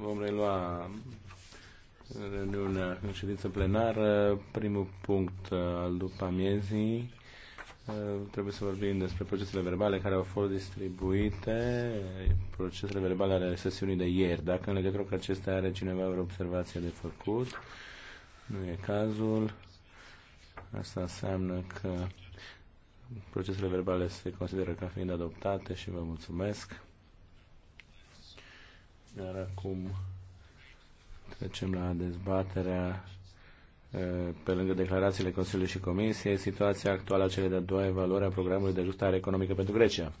vom relua reuniunea în ședință plenară. Primul punct uh, al după amiezii uh, trebuie să vorbim despre procesele verbale care au fost distribuite, procesele verbale ale sesiunii de ieri. Dacă în legătură cu acestea are cineva vreo observație de făcut, nu e cazul. Asta înseamnă că procesele verbale se consideră ca fiind adoptate și vă mulțumesc. Iar acum trecem la dezbaterea pe lângă declarațiile Consiliului și Comisiei, situația actuală a cele de-a doua evaluare a programului de ajustare economică pentru Grecia.